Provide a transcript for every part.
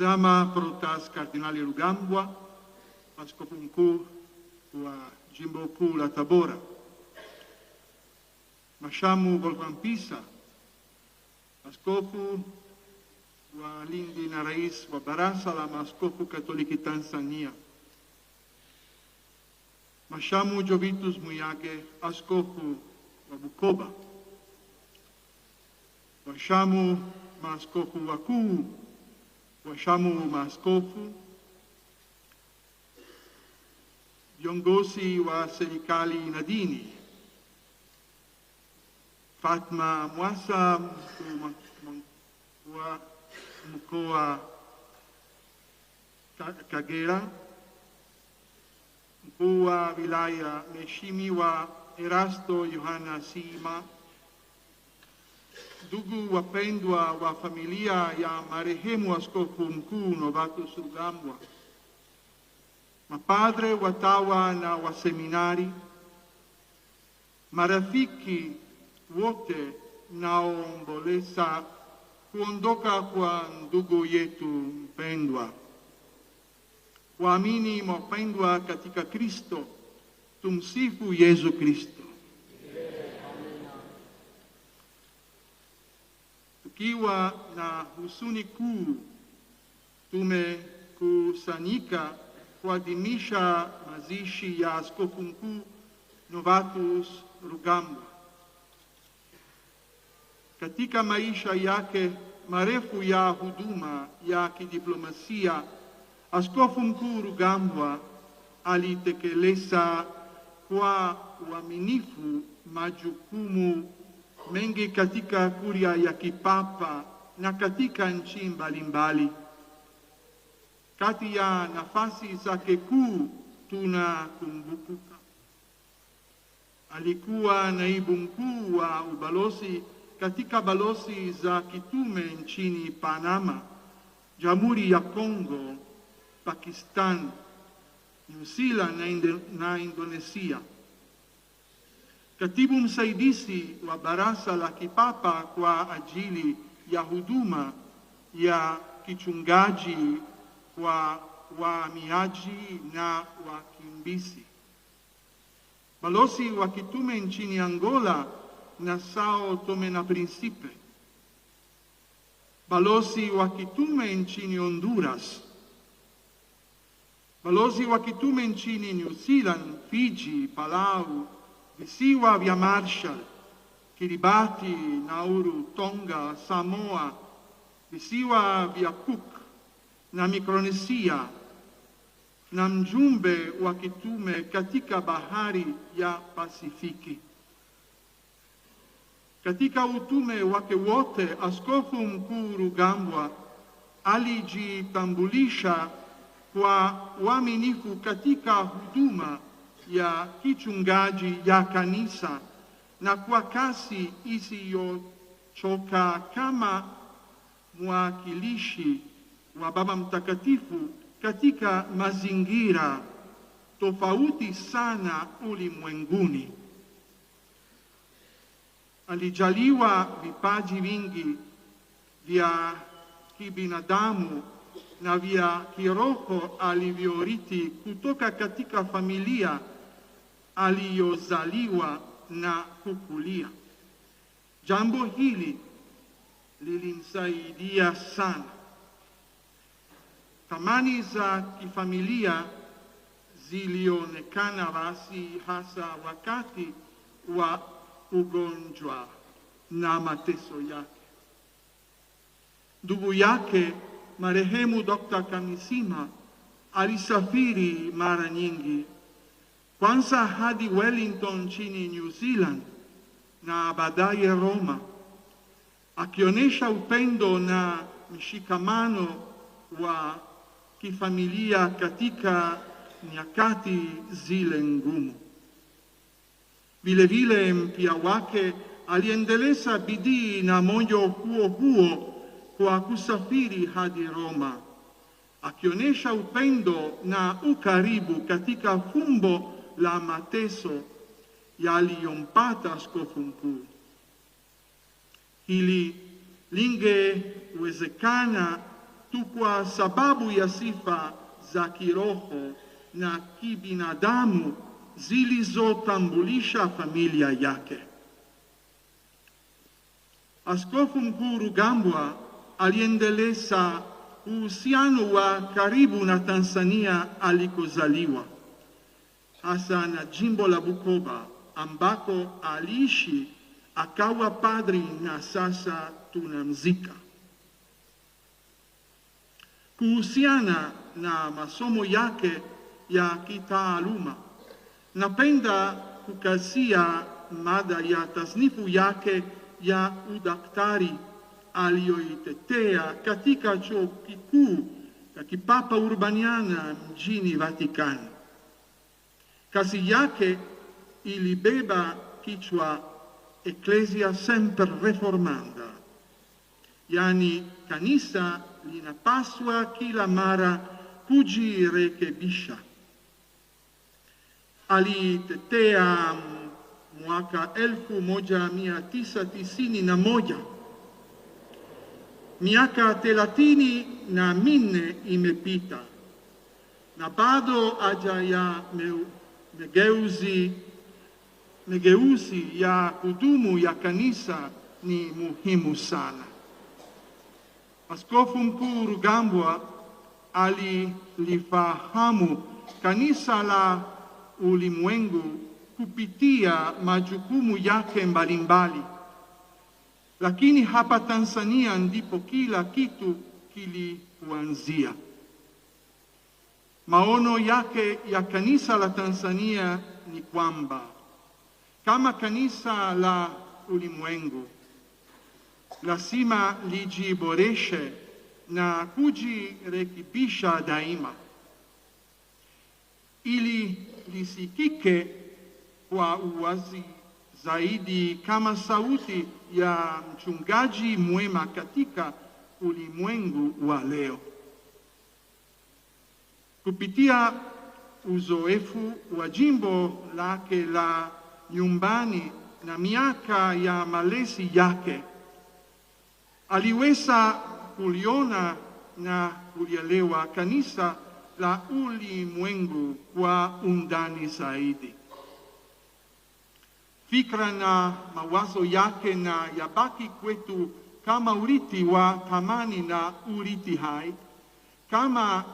Dama Protas Cardinale Lugambua, Rugambua, Pascopunku, Jimboku La Tabora, Mashamu Volvampisa, Pascopu, Lindi Narais, Wabarasa, la Mascopu Cattolici Tanzania. Mashamu Jovitus Muyake, Ascopu Wabukoba, Mashamu Mascopu Wakuu, Washamu Maskofu, Yongosi wa serikali nadini, Fatma Mwasa wa mkoa Kagera, mkuu wa wilaya mheshimiwa Erasto Yohana Sima dugu wapendwa wa familia ya marehemu askofu mkuu Novatus Rugambwa, mapadre watawa na waseminari, marafiki wote naoomboleza kuondoka kwa ndugu yetu mpendwa. Waamini wapendwa katika Kristo, tumsifu Yesu Kristo. Tukiwa na husuni kuu, tumekusanyika kuadhimisha mazishi ya askofu mkuu Novatus Rugambwa. Katika maisha yake marefu ya huduma ya kidiplomasia, askofu mkuu Rugambwa alitekeleza kwa uaminifu majukumu mengi katika kuria ya kipapa na katika nchi mbalimbali. Kati ya nafasi zake kuu tunakumbuka alikuwa naibu mkuu wa ubalozi katika balozi za kitume nchini Panama, Jamhuri ya Kongo, Pakistan, New Zealand na Indonesia. Katibu msaidisi wa Baraza la Kipapa kwa ajili ya huduma ya kichungaji kwa wahamiaji na wakimbizi, balozi wa kitume nchini Angola na Sao Tome na Principe, balozi wa kitume nchini Honduras, balozi wa kitume nchini New Zealand, Fiji, Palau visiwa vya Marshall, Kiribati, Nauru, Tonga, Samoa, visiwa vya Cook na Mikronesia na mjumbe wa kitume katika bahari ya Pasifiki. Katika utume wake wote, Askofu Mkuu Rugambwa alijitambulisha kwa uaminifu katika huduma ya kichungaji ya kanisa na kwa kasi isiyochoka kama mwakilishi wa Baba Mtakatifu katika mazingira tofauti sana ulimwenguni. Alijaliwa vipaji vingi vya kibinadamu na vya kiroho alivyoriti kutoka katika familia aliyozaliwa na kukulia. Jambo hili lilimsaidia sana. Thamani za kifamilia zilionekana basi hasa wakati wa ugonjwa na mateso yake. Ndugu yake marehemu Dr. Kamisima alisafiri mara nyingi kwanza hadi Wellington nchini New Zealand na baadaye Roma, akionyesha upendo na mshikamano wa kifamilia katika nyakati zile ngumu. Vilevile mpia wake aliendeleza bidii na moyo huo huo kwa kusafiri hadi Roma, akionyesha upendo na ukaribu katika fumbo la mateso yaliyompata askofu mkuu. Hili lingewezekana tu kwa sababu ya sifa za kiroho na kibinadamu zilizotambulisha familia yake. Askofu Mkuu Rugambwa aliendeleza uhusiano wa karibu na Tanzania alikozaliwa hasa na jimbo la Bukoba ambako aliishi akawa padri na sasa tunamzika. Kuhusiana na masomo yake ya kitaaluma, napenda kukasia mada ya tasnifu yake ya udaktari aliyoitetea katika chuo kikuu cha kipapa Urbaniana mjini Vatikani kazi yake ilibeba kichwa Ecclesia Semper Reformanda, yaani kanisa linapaswa kila mara kujirekebisha. Alitetea mwaka elfu moja mia tisa tisini na moja. Miaka thelathini na minne imepita na bado haja ya Mageuzi, mageuzi ya kudumu ya kanisa ni muhimu sana. Askofu Mkuu Rugambwa alilifahamu kanisa la ulimwengu kupitia majukumu yake mbalimbali, lakini hapa Tanzania ndipo kila kitu kilianzia. Maono yake ya kanisa la Tanzania ni kwamba kama kanisa la ulimwengu lazima lijiboreshe na kujirekebisha daima ili lisikike kwa uwazi zaidi kama sauti ya mchungaji mwema katika ulimwengu wa leo. Kupitia uzoefu wa jimbo lake la nyumbani na miaka ya malezi yake, aliweza kuliona na kulielewa kanisa la ulimwengu kwa undani zaidi. Fikra na mawazo yake na yabaki kwetu kama urithi wa thamani na urithi hai, kama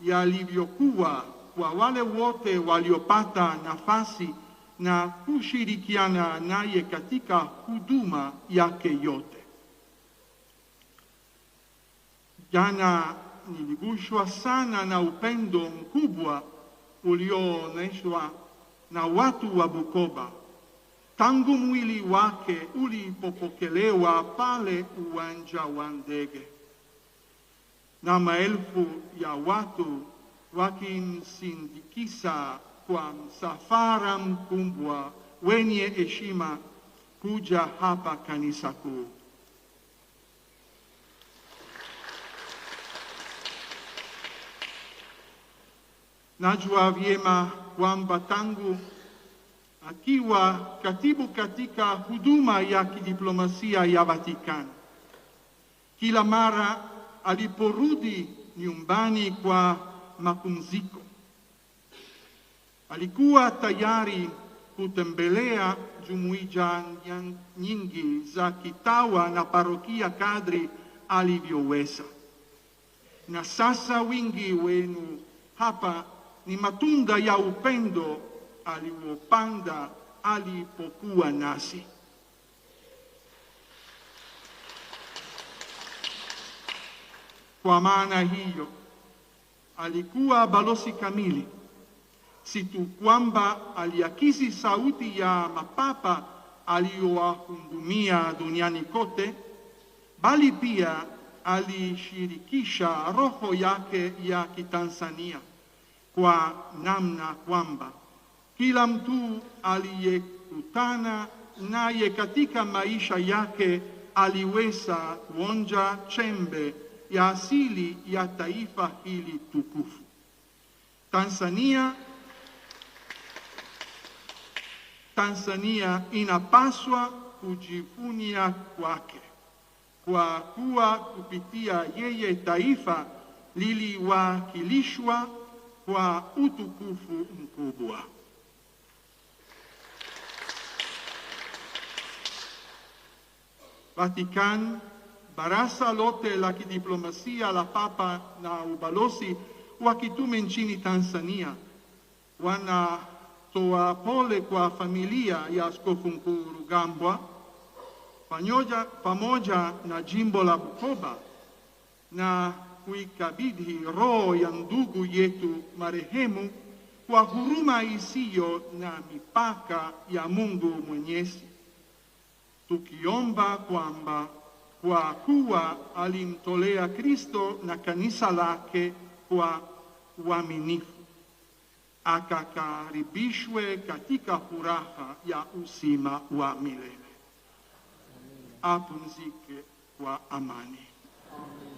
yalivyokuwa kwa wale wote waliopata nafasi na kushirikiana naye katika huduma yake yote. Jana niliguswa sana na upendo mkubwa ulioonyeshwa na watu wa Bukoba tangu mwili wake ulipopokelewa pale uwanja wa ndege na maelfu ya watu wakimsindikiza kwa msafara mkubwa wenye heshima kuja hapa kanisa kuu. Najua vyema kwamba tangu akiwa katibu katika huduma ya kidiplomasia ya Vatikani, kila mara aliporudi nyumbani kwa mapumziko, alikuwa tayari kutembelea jumuiya nyingi za kitawa na parokia kadri alivyoweza. Na sasa wingi wenu hapa ni matunda ya upendo aliopanda alipokuwa nasi. Kwa maana hiyo alikuwa balozi kamili, si tu kwamba aliakisi sauti ya mapapa aliyowahudumia duniani kote, bali pia alishirikisha roho yake ya Kitanzania kwa namna kwamba kila mtu aliyekutana naye katika maisha yake aliweza kuonja chembe ya asili ya taifa hili tukufu. Tanzania Tanzania inapaswa kujivunia kwake kwa kuwa kupitia yeye taifa liliwakilishwa kwa utukufu mkubwa. Vatican barasa lote la kidiplomasia la papa na ubalosi wakitume nchini Tanzania wanatoa pole kwa familia ya Askofu Mkuu Rugambwa pamoja, pamoja na jimbo la Bukoba na kuikabidhi roho ya ndugu yetu marehemu kwa huruma isiyo na mipaka ya Mungu Mwenyezi, tukiomba kwamba kwa kuwa alimtolea Kristo na kanisa lake kwa uaminifu. Akakaribishwe katika furaha ya uzima wa milele. Apumzike kwa amani. Amen.